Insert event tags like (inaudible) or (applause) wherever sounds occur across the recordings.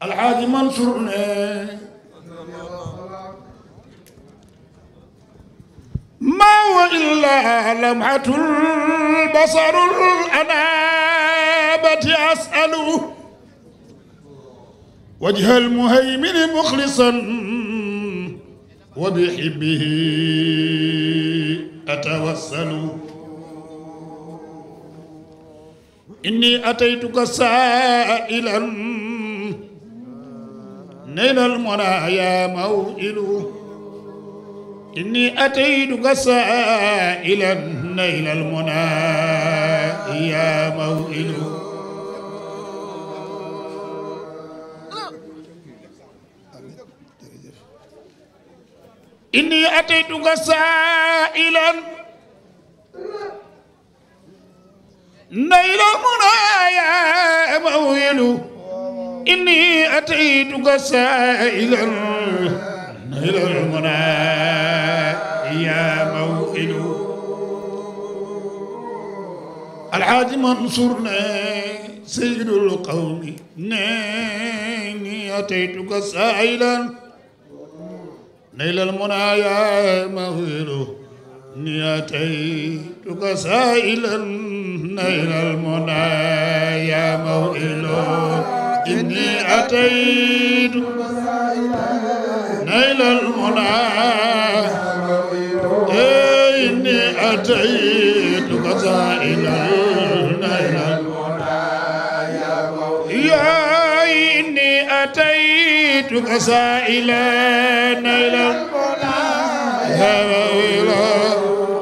alxaaji Mansour ne ma wa illa lamhatul basarul anabati asalu wajhal muhaymini muxlisan wa bihibbihi atawassalu inni ataytuka sailan نيل المنايا موئل إني أتيتك سائلا نيل المنايا موئل إني أتيتك سائلا نيل المنايا موئل إني أتيتك سائلا إلى المنى يا موئل الحاج منصورنا سيد القوم إني أتيتك سائلا إلى المنى يا موئل إني أتيتك سائلا إلى المنى يا موئل إني أتيت نيل المنى إني أتيت قصائد نيل يا إني أتيت قصائد نيل المنى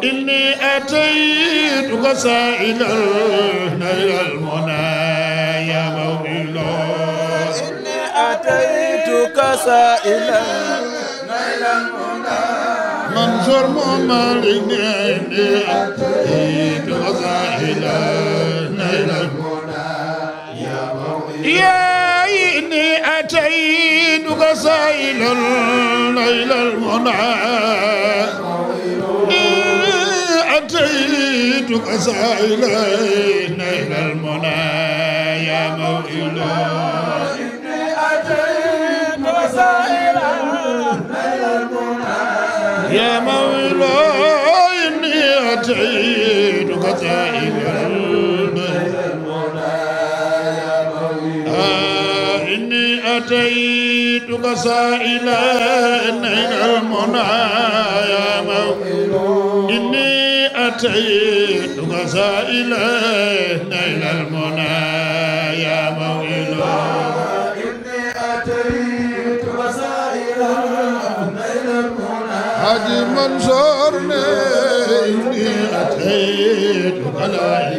إني أتيت قصائد نيل المنى يا مولى أتيتك سائلا نيل المنى منصور مؤمن إني أتيتك سائلا نيل المنى يا موئي يا إني أتيتك سائلا نيل المنى جئتك سائلا إلى المنى يا موئلا يا مولاي إني أتعيدك سائلا إني أتيتك سائلا إلى المنى يا مولاي إني أتيتك سائلا إلى المنى يا مولاي حاجي منصور نيني أتيت على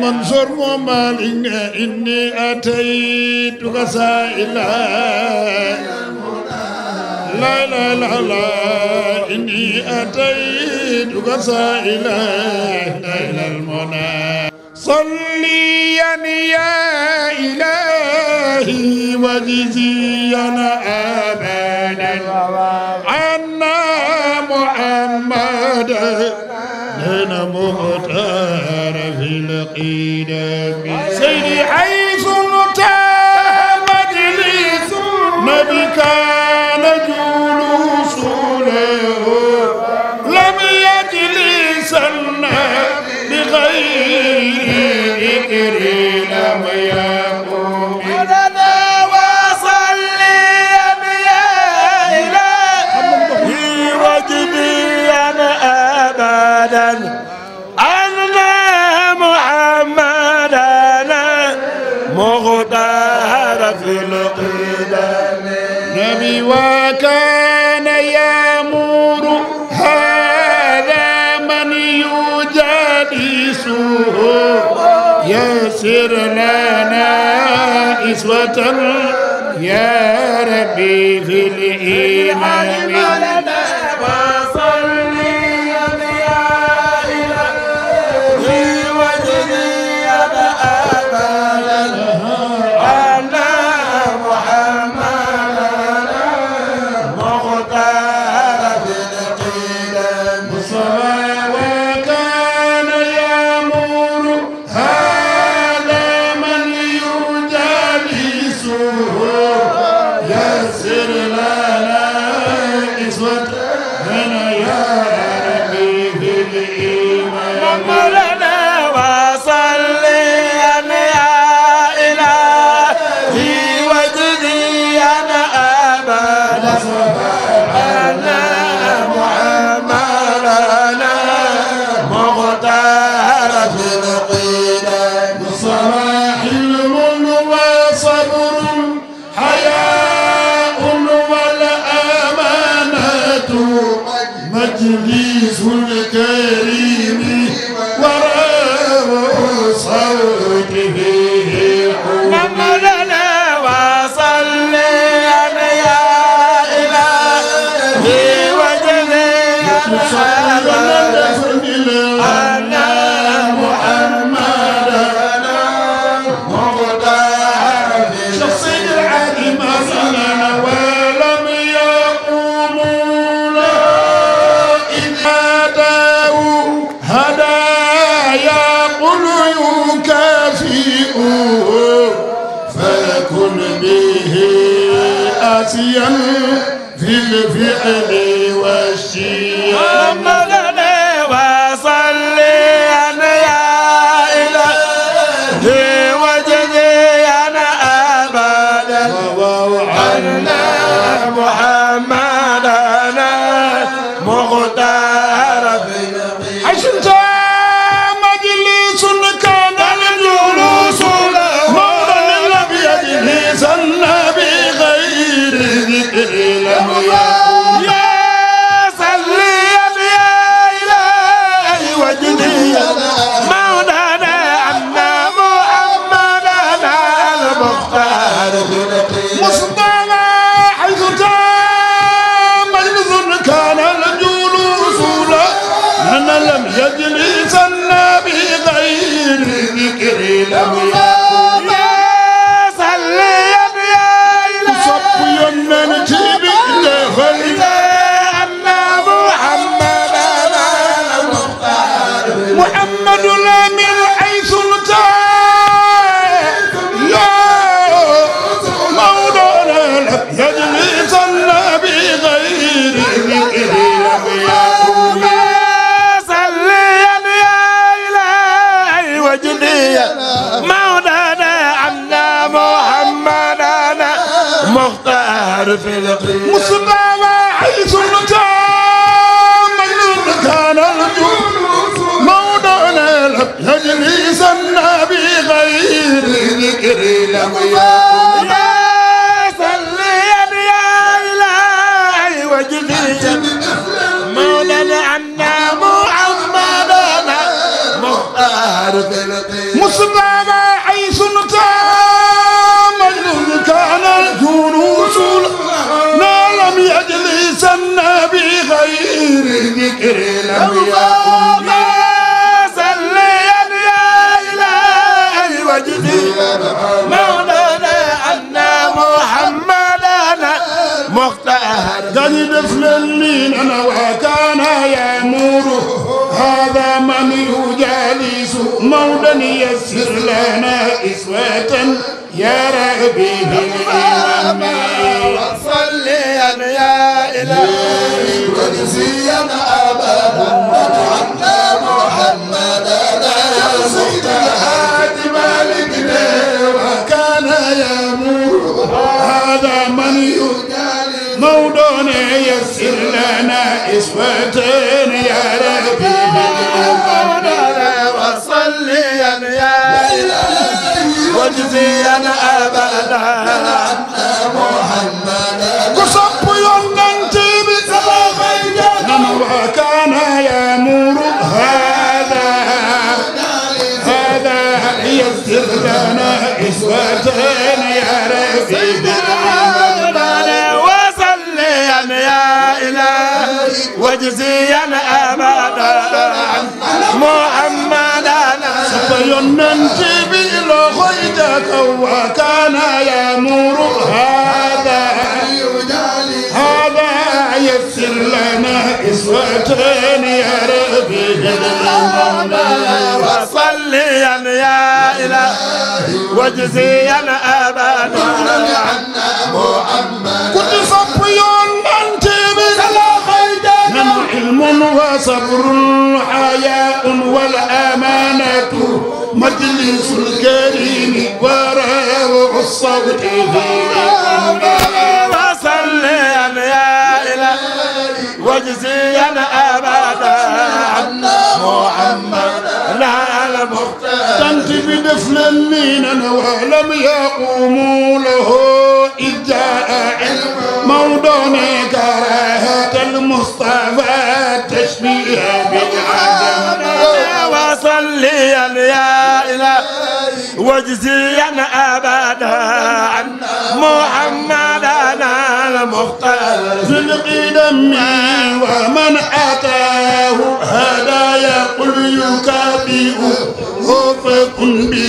منصور ممال إني أتيتك سائلا لا لا لا لا إني أتيتك سائلا إلى المنى صليا يا إلهي وجزيا آه ربي في الإيمان Hallelujah. Hallelujah. لنا إسوة يرى به الإمام وصليا يا إلهي وجزيا أبدا عنا محمدا يا سيد الهادي مالكنا وكان يمور هذا من يجالي موضوع يسر لنا إسوة يرى تجزي أنا أبدا أن محمدا قصب يننتي بسبب نور كان ينور هذا هذا يسر لنا إسوة يا ربي وسلم يا إلهي واجزي أنا أبدا محمدا سبينا وكان يامر هذا هذا يسر لنا إسوة يا ربي وصليا يا إلهي وجزيا أبدا محمد كل صف أنت علم وصبر حياء والأمانة مجلس الكريم ورفع الصوت وسلم يا إلهي واجزيا أبدا محمد لا المختار بدفل مينا ولم يقوموا له إذ جاء علم موضوع كراهة المصطفى تشبيه بالعدم كليا يا إله واجزيا أبدا عن محمدنا المختار زلقي دمي ومن أتاه هدايا قل يكافئ فكن بي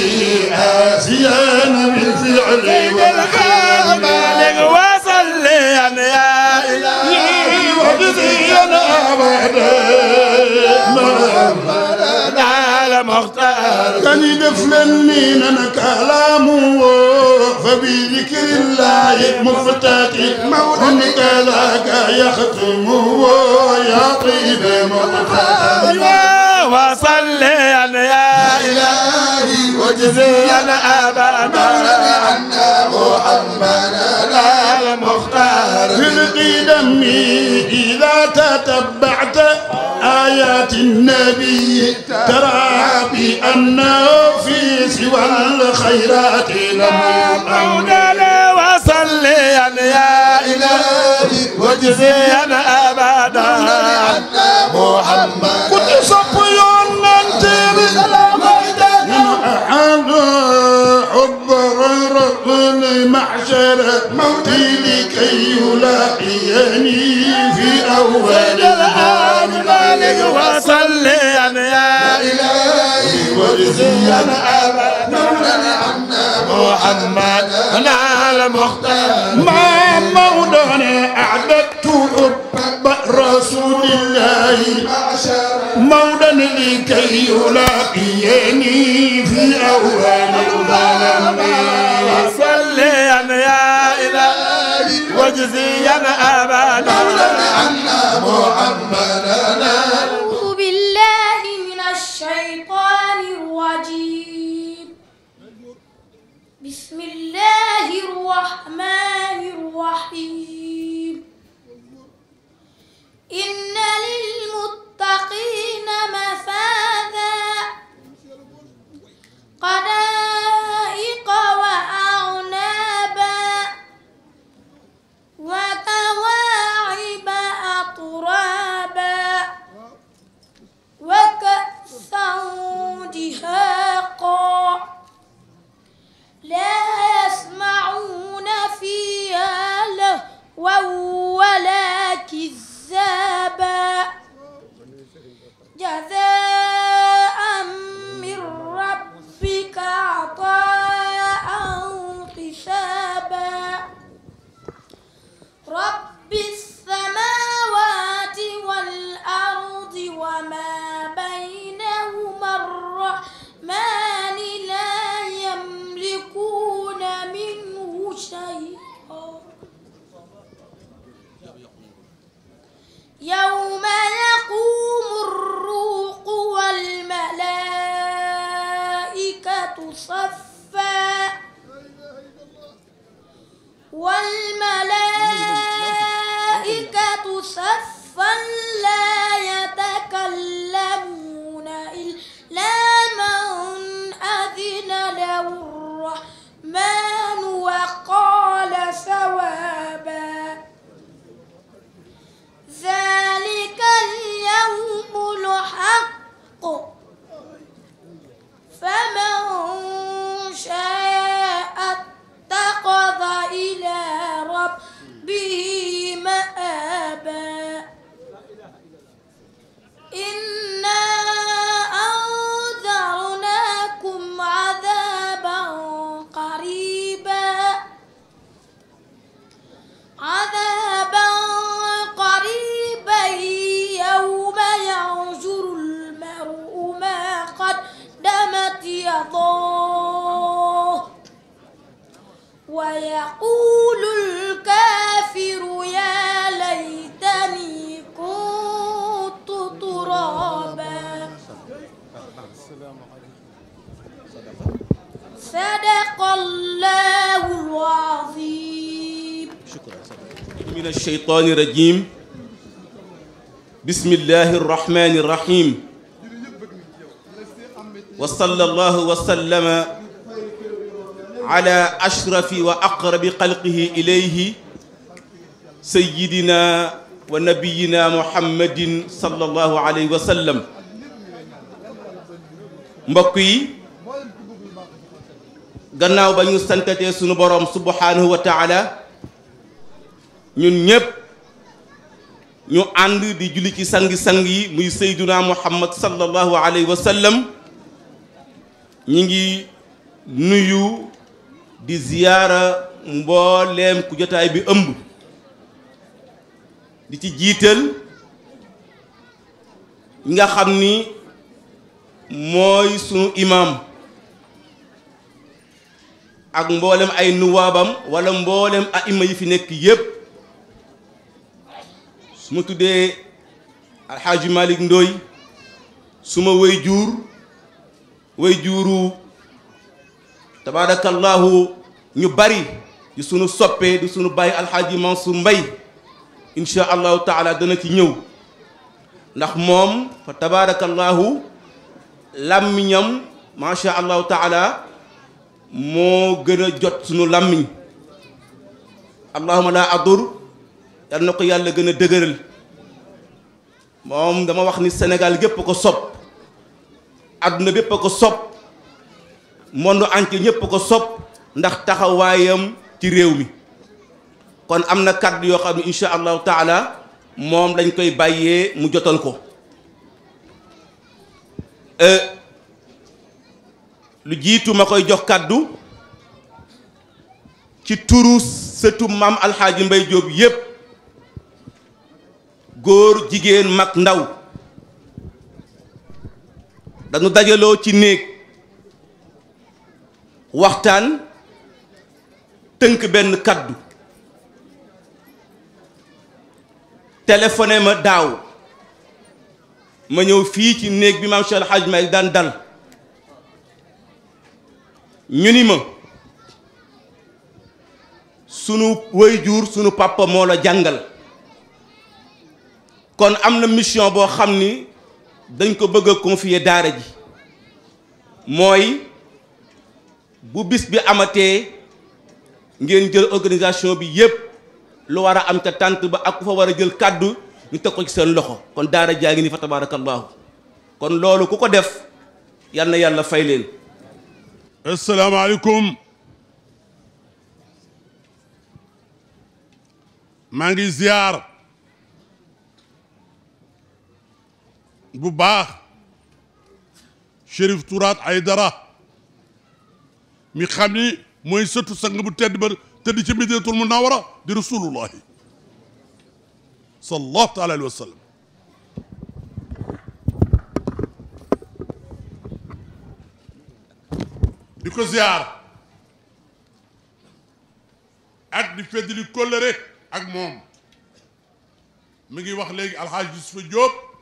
آسيان بالفعل والخالق وصليا يا إلهي وابقيا أبدا محمدا المختار كان دفلن لنا كلام فبذكر الله مفتتح مولد ذاك يختم يا طيب مختار وصلي أنا يا إلهي وجزي أنا أبانا عنا محمدا المختار تلقي دمي إذا تتبع للنبي ترى بأنه في سوى الخيرات لم يقعنا وصليا يا إلهي وجزيا أبدا عنا محمد كنت صبيون من تيري معشر موتي لكي يلاقيني في أول عليه وصل أن يا إلهي وجزيا أبا مولانا عنا محمد أنا المختار ما مولانا أعددت حب رسول الله مولانا لكي يلاقيني في أول الظلام وصل أن يا إلهي وجزيا أبا مولانا عنا محمد الرحمن الرحيم إن للمتقين مفاذا قد وولا كذابا جزاء من ربك عطاء حسابا رب يوم يقوم الروح والملائكة صفا min alsheytaan irajim bismillahi arrahmani irrahim wa salla allahu wa sallama ala ashrafi wa aqrabi xalqihi ilayhi sayidina wa nabiyina muhammadin sallallahu alayhi wa sallam mbokk yi gannaaw ba ñu santatee sunu boroom subhanahu wa taala ñun ñépp ñu ànd di julli ci sang sangi yi muy sayduna muhammad sallallahu alayhi wa sallam ñi ngi nuyu di ziyaara mbooleem ku bi ëmb di ci jiital ñi nga xam ni mooy sunu imaam ak mboolem ay nuwaabam wala mboolem aima yi fi nekk yépp su ma tuddee alxaaji Malick Ndoy suma way juur way juuru tabarakallahu ñu bari di sunu soppee di sunu bàyyi alxaaji su Mbay incha allahu taala dana ci ñëw ndax moom fa tabarakallahu làmmiñam macha allahu taala moo gën jot suñu làmmiñ allahuma la adur yal na ko yàlla gën a dëgëral moom dama wax ni senegal gépp ko sopp àdduna bépp ko sopp monde entier ñëpp ko sopp ndax taxawaayam ci réew mi kon am na kàdd yoo xam ne incha allahu taala moom lañ koy bàyyee mu jotal ko euh, lu jiitu ma koy jox kàddu ci turu sëtu maam alxaaji mbay jóob yépp góor jigéen mag ndaw dañu dajaloo ci néeg waxtaan tënk benn kàddu téléphoné ma daaw ma ñëw fii ci néeg bi maam Cheikh El Hadj daan dal ñu ni ma sunu wayjur sunu papa moo la jàngal kon am na mission boo xam ni dañ ko bëgg a confier daara ji mooy bu bis bi amatee ngeen jël organisation bi yépp lu war a am ca tànt ba ak ku fa war a jël kàddu ñu teg ko ci seen loxo kon daara jaa ngi ni fa tabaarakallaahu kon loolu ku ko def yal na yàlla fay leen asalaamaaleykum maa ngi ziar bu baax turaat ay dara mi xam ni mooy sëtu sang bu tedd ba tëdd ci Madinatul Munawwara di rasulullahi sallallahu taala alayhi wa sallam di ko ziyaar ak di ak moom mi ngi wax léegi alxaaj Yusufa Jóob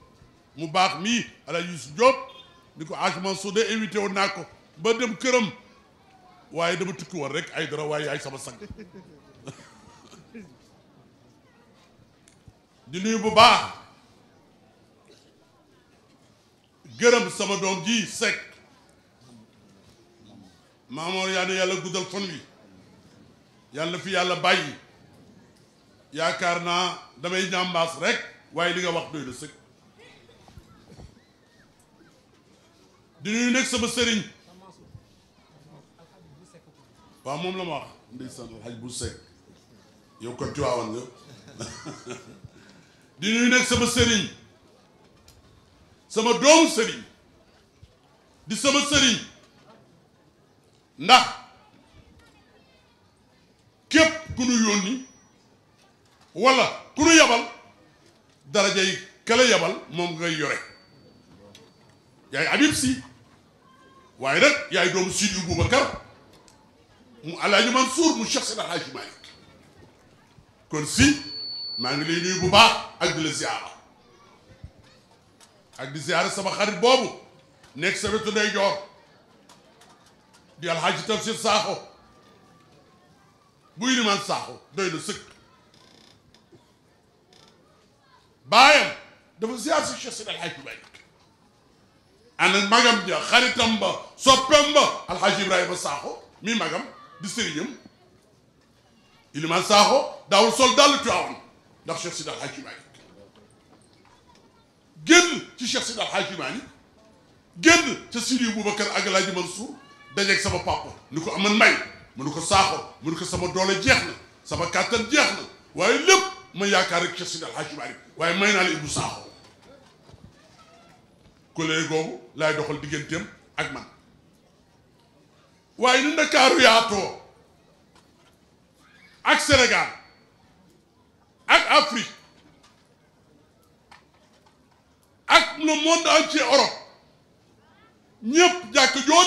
mu baax mii Alaaji Yuusu Jóob ni ko Aaj soo de invité woon naa ko ba dem këram waaye dama tukki woon rek ay dara waaye yaay sama sang di nuyu bu baax gërëm sama doom ji Seck Maamoor yaa ne yàlla guddal fan wi yàlla fi yàlla bàyyi yaakaar naa damay ñaambaas rek waaye li nga wax doy na sëkk di nekk nag sama sëriñ moom la ma wax ndeysaan alxaj bu sekk yow ko Tiwaawan nga (laughs) di nuyu sama sëriñ sama doomu sëriñ di sama sëriñ ndax képp ku nu yónni walla ku nu yabal daraja yi yabal moom ngay yore yaay Habib Sy waaye nag yaay doomu Sidi Boubacar mu Alaaji Mansour mu Cheikh Seydi Hadji Malick kon si maa ngi lay nuyu bu baax ak di la ziara ak di ziara sama xarit boobu nekk sa wetu ndey joor di alxaaji Tafsir Saaxo bu ilimaan Saaxo doy na sëkk baayam dafa ziar si Cheikh Seydi Hadji Malick ana magam ja xaritam ba soppem ba alxaaji ibrahima saaxo mi magam di sëriñam iliman saaxo daawul sol dàll tuwaawoon ndax cheikh sid alxaaji maani génn ci cheikh sid alxaaji maani génn ca sidi boubacar ak alaaji mansour dajeeg sama papa ni ko aman may mu ni ko saaxo mu ni ko sama doole jeex sama kàttan jeex na waaye lépp ma yaakaar rek cheikh sid alxaaji maani waaye may naa la saaxo collègue googu laay doxal digganteem ak man waaye ni yaato ak senegal ak Afrique ak le monde Europe ñëpp jàkk joo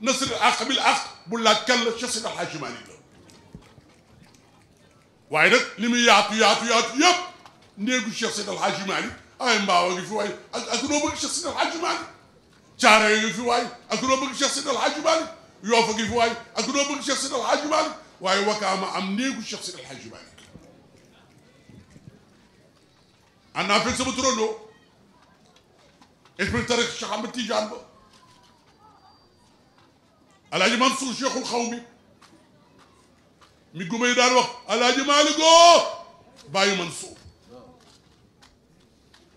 na seen àq bil àq bu laaj kan la Cheikh Seydi El Hadji Malick la waaye nag li muy yaatu yaatu yaatu ay mbaaw a ngi fi waay ak ak loo bëgg Cheikh Sidal Hadji Malick caare yi ngi fi waay ak loo bëgg Cheikh Sidal Hadji Malick Yoof a ngi fi waay ak loo bëgg Cheikh Sidal Hadji Malick waaye wakaama am néegu Cheikh Sidal Hadji Malick an naa fekk sama turandoo esprit tarix Cheikh Ahmed Tidiane ba alaaji Mansour cheikhul xaw mi mi gumay daan wax alaaji Malick oo bàyyi Mansour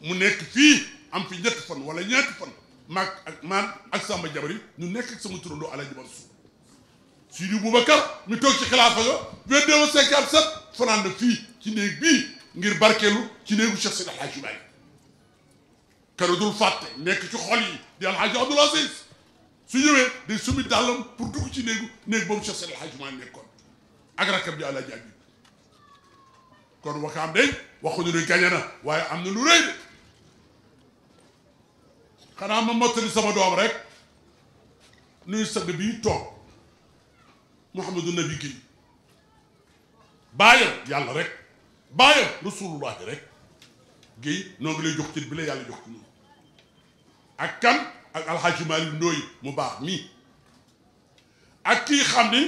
mu nekk fii am fi ñett fan wala ñeenti fan maag ak maan ak Samba Jabari ñu nekk ak sama turandoo Alaaji Mansuur Sidi Boubacar ñu toog ci xilaafa ga vingt-deux cinquante sept fanaan na fii ci néeg bii ngir barkeelu ci néegu Cheikh Seydi Alaaji Maalik nekk ci xol yi di Alaaji Abdul Aziz su ñëwee day sumi dàllam pour dugg ci néegu néeg boobu Cheikh Seydi Alaaji Maalik nekkoon ak rakkam bi Alaaji Abi kon wakaam day waxuñu ne gañe na waaye am na lu rëy xanaa ma mottali sama doom rek nuy sëgg bii toog Mouhamadou Nabi Guèye bàyyam yàlla rek bàyyam rasulullahi rek Guèye noo ngi lay jox cër bi la yàlla jox ci ak kan ak alxaaji Malick Ndoye mu baax mii ak kii xam ni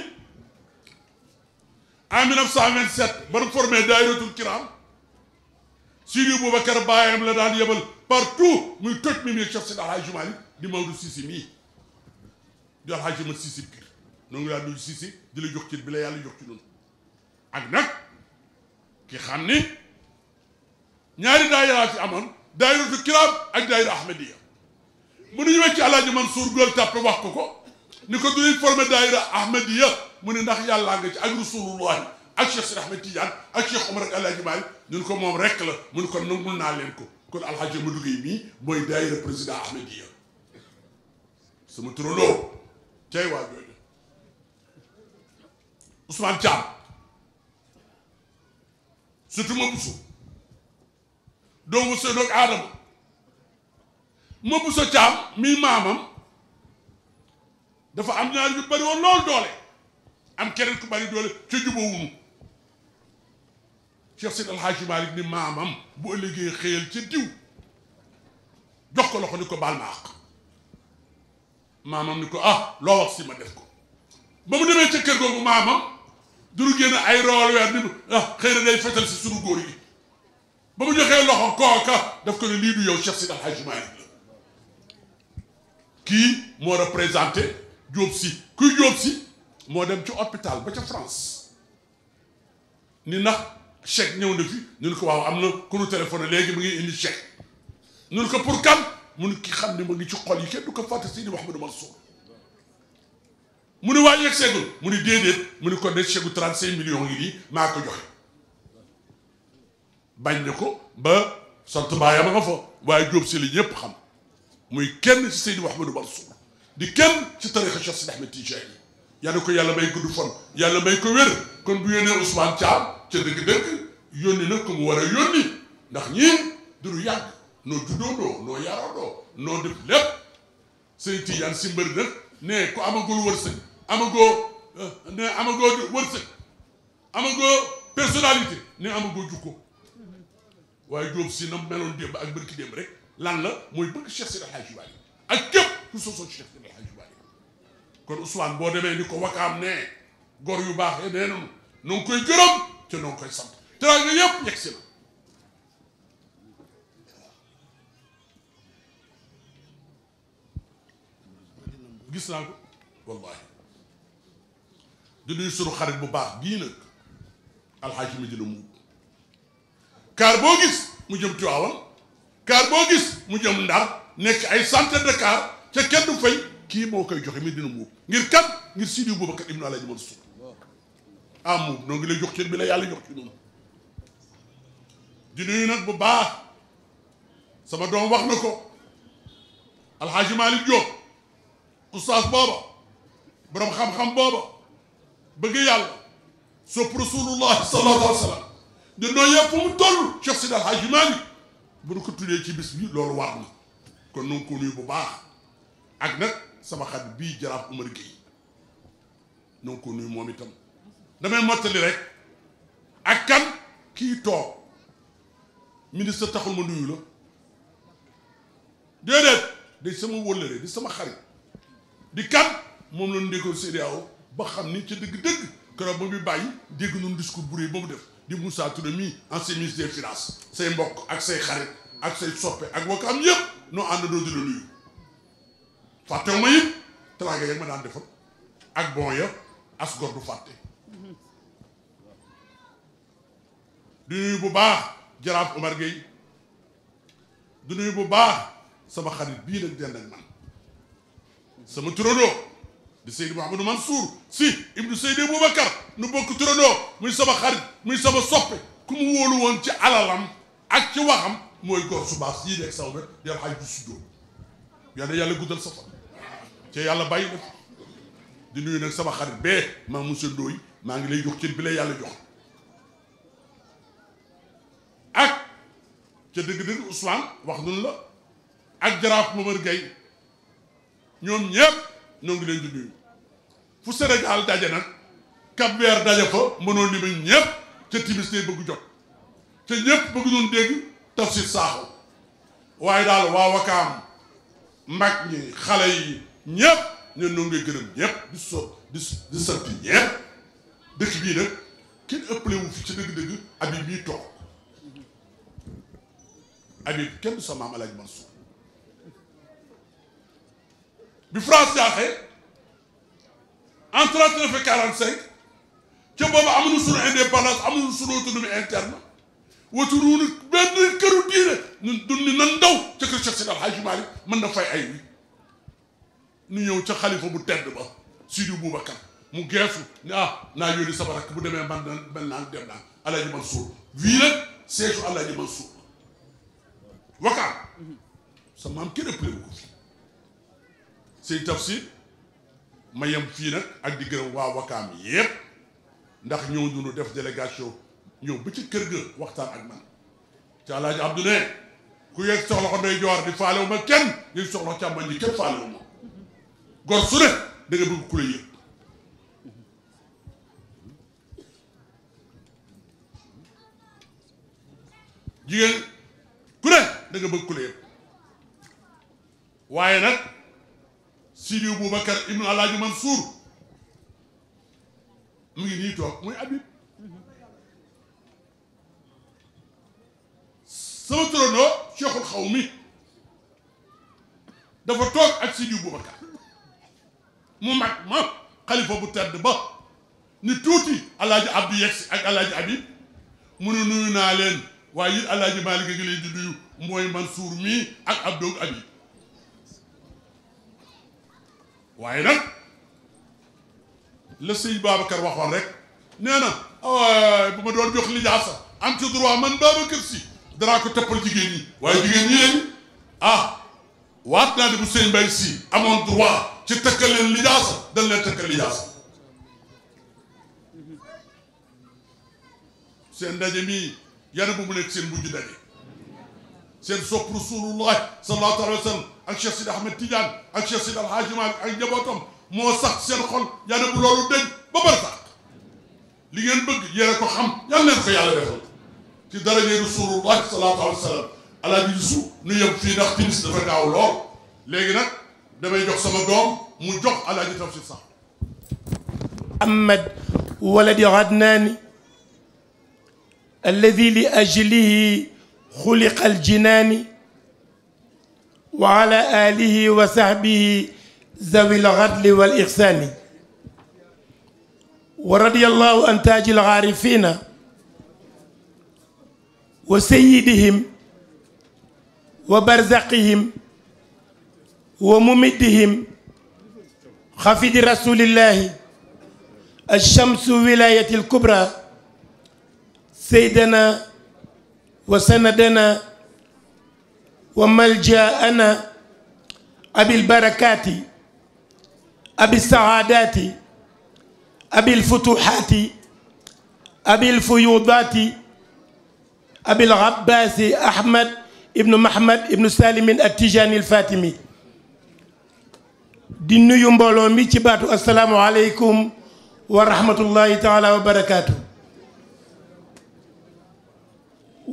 en 1927 ba nu formé daayiratul kiram Sidi Boubacar bàyyam la daan yebal partout muy toj mi muy Cheikh Sidi Alhaji Malick di Maodo Sisi mii di Alhaji ma Sisi Pire noo ngi laa Sisi di la jox ci bi la yàlla jox ci ak nag ki xam ñaari daayira fi amoon daayiratu kiram ak daayira ahmadiya bu ñu wecc Alhaji Mansour Gueule Tapée wax ko ko ni ko duñuy formé daayira ahmadiya mu ne ndax yàllaa nga ci ak rasulullahi ak Cheikh Sidi Ahmed Tidiane ak Cheikh Omar ak Alhaji ko moom rekla mu mun kon nangul naa leen ko kon alxaaji Amadou Gueye bii mooy daayira président Ahmadiya sama turandoo cay waa jooju Ousmane Thiam surtout ma buso doomu sëy doog aadama ma buso Thiam mii maamam dafa am ñaar ñu bari woon loolu doole am keneen ku bari doole ca Cheikh Seydi El Hadji Malick ni maamam bu ëllëgee xëyal ca diw jox ko loxo ni ko baal ma maamam ni ko ah loo si ma def ko ba mu demee ca kër googu maamam duru génn ay rool weer ni ah day fetal si sunu góor yi ba mu joxee loxo kooka def ko ne lii du yow Cheikh Seydi El Hadji Malick kii moo représenté Diop Sy kuy Diop Sy moo dem ci hôpital ba ca France ni ndax chèque ñëw na fi ñu ne ko waaw am na ku ñu téléphoné léegi mu ngi indi chèque ñu ne ko pour kan mu ne ki xam ne mu ngi ci xol yi kenn du ko fàtte Seydi wax Mansour mu ne waa yegg seegul mu ne déedéet mu ne ko ne chèque gu millions yi nii maa ko joxe bañ na ko ba sant baayam a nga fa waaye Jóob si li ñëpp xam muy kenn ci Seydi Mouhamadou Mansour di kenn ci tarixa Cheikh Ahmed Tidiane yi yal na ko yàlla may gudd fan yàlla may ko wér kon bu yónnee Ousmane Thiam ca dëgg-dëgg yónni na ko mu war a yónni ndax ñii du lu yàgg noo juddoondoo noo yaroondoo noo def lépp sëñ Tijaan si mbër nag ne ku amagul wërsëg amagoo eh, ne amagoo wërsëg amagoo personnalité jukko waaye Jóob si na meloon démb ak bërki démb rek lan la muy bëgg Cheikh Seydi Hadji Malick ak képp ku sosoo Cheikh Seydi Hadji Malick kon Ousmane boo demee ni ko wakaam ne gor yu baax nee nañu nu ngi koy gërëm te noo koy sant teraanga yëpp yegg si gis naa ko wallahi di nuyu sunu xarit bu baax bii nag alxaaji Madina Mbuub kaar boo gis mu jëm Tiwaawan kaar boo gis mu jëm Ndar nekk ay centaine de kaar ca kenn du fay kii moo koy joxe Madina Mbuub ngir kan ngir Sidi Boubacar ibnu Alaaji Mansuur ah moom noo ngi lay jox bi la yàlla jox ci noonu di nag bu baax sama doom wax na ko alxaaji Malick Diop ustaas booba boroom xam-xam booba bëgg yàlla sopp rasulullahi sallallahu alayhi wa sallam mu toll Cheikh Sidi alxaaji Malick bu nu ko tuddee ci bis bi loolu war na kon nu ngi bu baax ak nag sama xarit bii jaraaf Umar Gueye nu ngi ko nuyu damay mottali rek ak kan kii toog ministre taxul ma nuyu la déedéet day sama wëllëre di sama xarit di kan moom la ñu déggoo CEDEAO ba xam ni ci dëgg-dëgg keroog ba muy bàyyi dégg bu rëy ba mu def di Moussa Touré mii ancien ministre des finances say mbokk ak say xarit ak say soppe ak wakk am yëpp noo àndandoo di la nuyu fàttewu ma yëpp talaga yag ma daan defal ak bon ya as du fàtte du bu baax jaraaf Omar Gueye du nuyu bu baax sama xarit bii nag dend ak man sama turandoo di Seydi Mouhamadou Mansour si ibnu Seydi Boubacar nu bokk turandoo muy sama xarit muy sama soppe ku mu woon ci alalam ak ci waxam mooy góor su baax yii nekk saw rek di xaj bu suddoo yal na yàlla guddal sa fan te yàlla bàyyi na di sama xarit bee maa monsieur Ndoye maa ngi lay jox cër bi la yàlla jox ak ca dëgg-dëgg usman wax nun la ak jaraaf Momar Gueye ñoom ñëpp ñoo ngi leen di nuyu fu Sénégal daje nag Cap daje fa mënoon li mañ ca timis tey bëgg jot ca ñëpp bëgg noon dégg Tafsir Sakho waaye daal waa Wakaam mag ñi xale yi ñëpp ñun ñoo ngi gërëm ñëpp di so di di sant dëkk bii nag kenn ëppale wu fi ci dëgg-dëgg ab yi toog Habib kenn du sa maam El Hadj bi France jaaxee en trente neuf et quarante cinq ca boobu amuñu sunu indépendance amuñu sunu autonomie interne waturuñu benn këru diine ñun dun ni nan ndaw ca kër Cheikh Seydi El Hadji Malick mën na fay ay wi ñu ca xalifa bu tedd ba Sidi Boubacar mu geesu ne ah naa yónni sama rakk bu demee man mel dem naa El Hadj wii nag siège u El wakaam sa maam kenn ëppale ko fi tafsir ma yem fii nag ak di gërëm waa wakaam yépp ndax ñëw ñu def délégation ñëw ba ci kër ga waxtaan ak man ci alaaji abdu ne ku yegg soxla ko ndey joor ma kenn ñu soxla càmbañ ji kenn faalewu ma gor su ne da nga bëgg ku jigéen ku ne da nga bëgg ku la yëpp waaye nag Sidi Boubacar ibnu Alaaji Mansour mu ngi nii toog muy Habib sama turandoo Cheikhul xaw mi dafa toog ak Sidi Boubacar mu mag ma xalifa bu tedd ba ni tuuti Alaaji Abdu yegsi ak Alaaji Habib mu ne nuyu naa leen waaye it Alaaji Maalik a ngi di nuyu mooy Mansour mii ak Abdou Abi waaye nag la sëñ Babacar waxoon rek nee na waaye bu ma doon jox lijaasa am ci droit man Babacar si danaa ko toppal jigéen ñi waaye jigéen ñi leen ah waat naa ne bu sëñ Mbaye si amoon droit ci tëkkal leen lijaasa dañ leen tëkkal lijaasa seen ndaje mii yana bu mu nekk seen mujj daje seen sopp rasulullah sallallahu alayhi wa sallam ak Cheikh Sidi Ahmed Tidiane ak Cheikh Sidi Alhaji Malick ak njabootam moo sax seen xol yàlla bu loolu dégg ba bar sax li ngeen bëgg yéen a ko xam yàlla leen ko yàlla defal ci daraje rasulullah sallallahu alayhi wa sallam alaaji Yuusuf nu yem fii ndax timis dafa gaaw lool léegi nag damay jox sama doom mu jox alaaji Tafsir sax محمد ولد عدنان الذي لأجله xuliqa aljinaani wa ala aalihi wa saxbihi zawil xadli wal ixsaani wa radiyallahu an taaji alxaarifiina wa sayidihim wa barzaqihim wa mumidihim xafidi rasulillahi alchamsu wilayati alkubra seydana وسندنا وملجاءنا أبي البركات أبي السعادات أبي الفتوحات أبي الفيوضات أبي العباس أحمد ابن محمد ابن سالم التجاني الفاطمي di nuyu mbooloo mi ci baatu asalaamualeykum wa rahmatullahi taala wa barakaatu.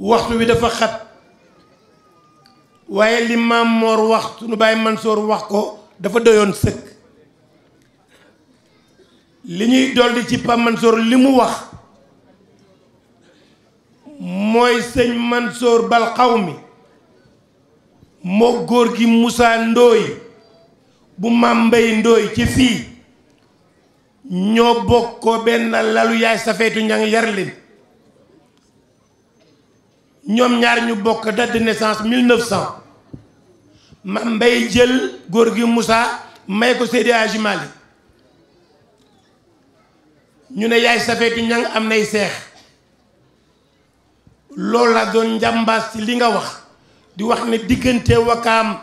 waxtu wi dafa xat waaye li maam moor wax sunu bàyyi Mansoor wax ko dafa doyoon sëkk li ñuy dolli ci Pape Mansoor li mu wax mooy sëñ Mansoor bal xaw mi moo góor gi Moussa Ndooy bu maam Mbay Ndooy ci fii ñoo ko benn lalu yaay safeetu ñang yar ñoom ñaar ñu bokk date de naissance 1900 Mame Mbaye jël góor gi Moussa may ko Seydi Hadji ñu ne yaay safeetu ñang am nay seex loolu la doon njàmbaas ci li nga wax di wax ne diggante wakaam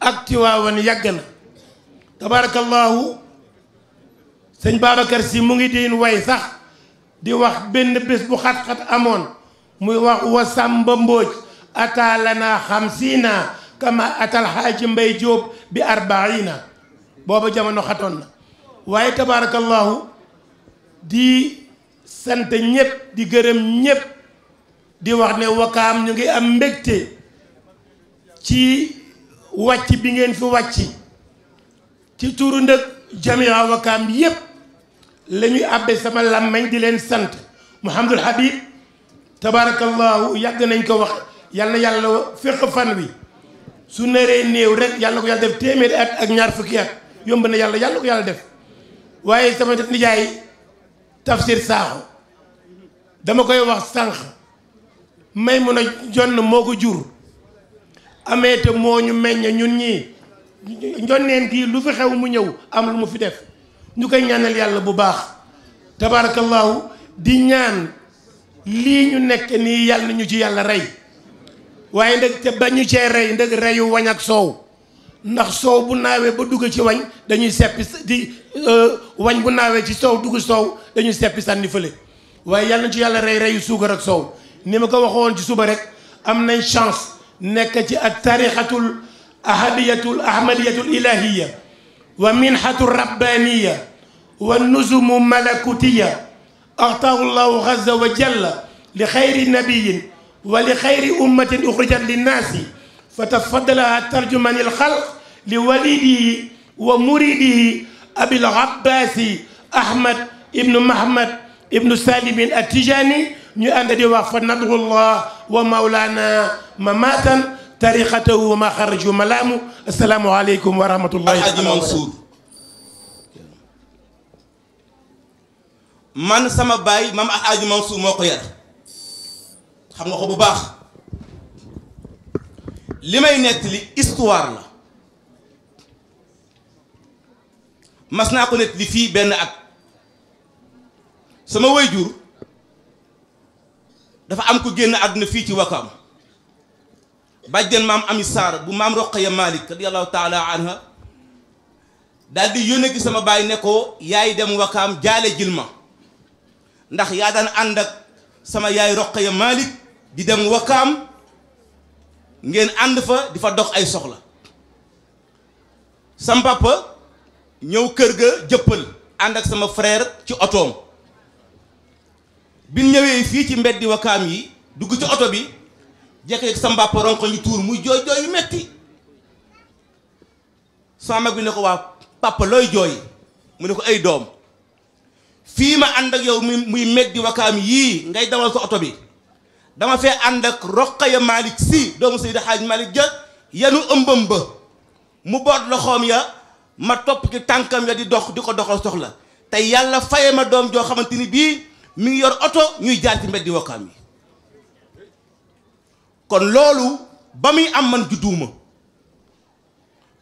ak Tiwaawan yàgg na tabaarakallaahu sëñ Babacar si mu ngi diin way sax di wax benn bés bu xat-xat amoon muy wax wa Samba Mbóoj ataa lana xamsiina kama atal xaaji mbay jóob bi arbaina booba jamono xatoon na waaye tabarakallahu di sant ñëpp di gërëm ñëpp di wax ne wakaam ñu ngi am mbégte ci wàcc bi ngeen fi wàcc ci turu ndëg jamia wakaam yëpp lañuy ñuy sama làmmañ di leen sant Mouhamadul Habib tabaarakallaahu yàgg nañ ko wax yàlla na yàlla féq fan wi su naree néew rek yàlla ko yàlla def téeméeri at ak ñaar fukki at yomb na yàlla yàlla ko yàlla def waaye sama nijaay tafsir saaxo dama koy wax sànq may mun a jonn moo ko jur amee te moo ñu meññ ñun ñii njonneen kii lu fi xew mu ñëw am lu mu fi def ñu koy ñaanal yàlla bu baax tabaarakallaahu di ñaan lii ñu nekk nii yàlla nañu ci yàlla rey waaye ndeg te ba ñu cee rey ndeg reyu wañ ak soow ndax soow bu naawee ba dugg ci wañ dañuy seppi di euh, wañ bu naawee ci soow dugg soow dañuy seppi sànni fële waaye yàlla na ci yàlla rey reyu suukar ak soow ni ma ko waxoon ci suba rek am nañ chance nekk ci ak tarixatul ahadiyatul ahmadiyatul ilahiya wa minhatul rabbaniya wa nuzumu malakutiya axtaahu llahu azza wa jalla li xayri nabiyin wa li xayri ummatin uxrijat linnaasi fa tafaddalaha tarjumani alxalq li walidihi wa muridihi abil abbaasi ahmad ibnu mahmad ibnu salimin atijani ñu ànd di wax fa nadrullah wa mawlana mamatan tariqatahu wa ma xaraju malaamu asalaamu aleykum wa rahmatullahi man sama baay maam Alaaji Mansour moo ko yar xam nga ko bu baax li may nett li histoire la mas naa ko li fii benn at sama waajur dafa am ko génn àdduna fii ci Wakaam bàjjen maam Ami Sarr bu maam Roqaya Malick radiyallahu taala anha daal di yónnee gi sama baay ne ko yaay dem Wakaam jaale jilma ndax yaa daan ànd ak sama yaay Roqaya Malick di dem Wakaam ngeen ànd fa di fa dox ay soxla sam papa ñëw kër ga jëppal ànd ak sama freer ci otoom bi ñëwee fii ci mbeddi Wakaam yi dugg ci oto bi jekk sam papa ronko ñu tuur muy jooy jooy yu metti sama mag bi ne ko waa papa looy jooy mu ne ko ay doom fii ma ànd ak yow muy meddi wakaam yii ngay dawal sa oto bi dama fee ànd ak Roqaya Malick si doomu Seydi Hadj Malick Dia yanu ëmbam ba mu boot loxoom ya ma topp ci tànkam ya di dox di ko doxal soxla te yàlla faye ma doom joo xamante ni bii mi ngi yor oto ñuy jaar ci mbeddi wakaam yi kon loolu ba muy am man judduuma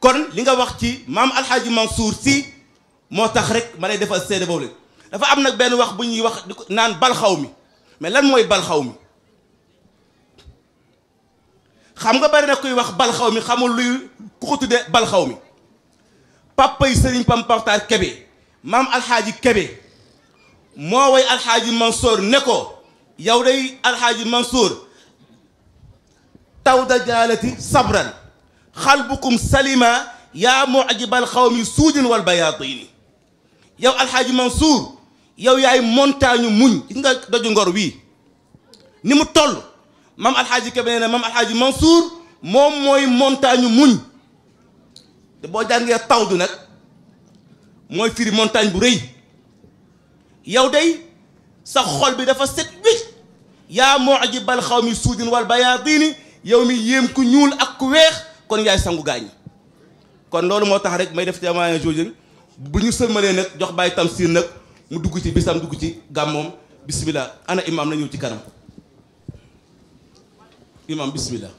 kon li nga wax ci maam alxaaji suur si moo tax rek ma lay defal seede boobu dafa am nag benn wax bu ñuy wax di ko naan bal xaw mi mais lan mooy bal xaw mi xam nga bari na kuy wax bal xaw mi xamul luy ku ko tuddee bal xaw mi papa yi sëriñ Pam Portar Kébé maam alxaaji Kébé moo way alxaaji Mansour ne ko yow day alxaaji Mansour taw da jaalati sabran xalbukum salima yaa mujibal xaw mi suudin wal bayaatini yow alxaaji Mansour yow yaay montagne muñ gis nga doju ngor wii ni mu toll mam alxaaji Kebe nee na maam alxaaji Mansour moom mooy montagne muñ te boo jàngee tawdu nag mooy firi montagne bu rëy yow day sa xol bi dafa set wicc yaa mujibal xawmi suudin wal bayaadini yow mi yéem ku ñuul ak ku weex kon yaay sangu gaañ kon loolu moo tax rek may def témoignage jooju bu ñu sëlmalee nag jox bàyyi tamsiir nag mu dugg ci bisam dugg ci gàmmoom bismillah ana imam na ñëw ci kanam imam bismillah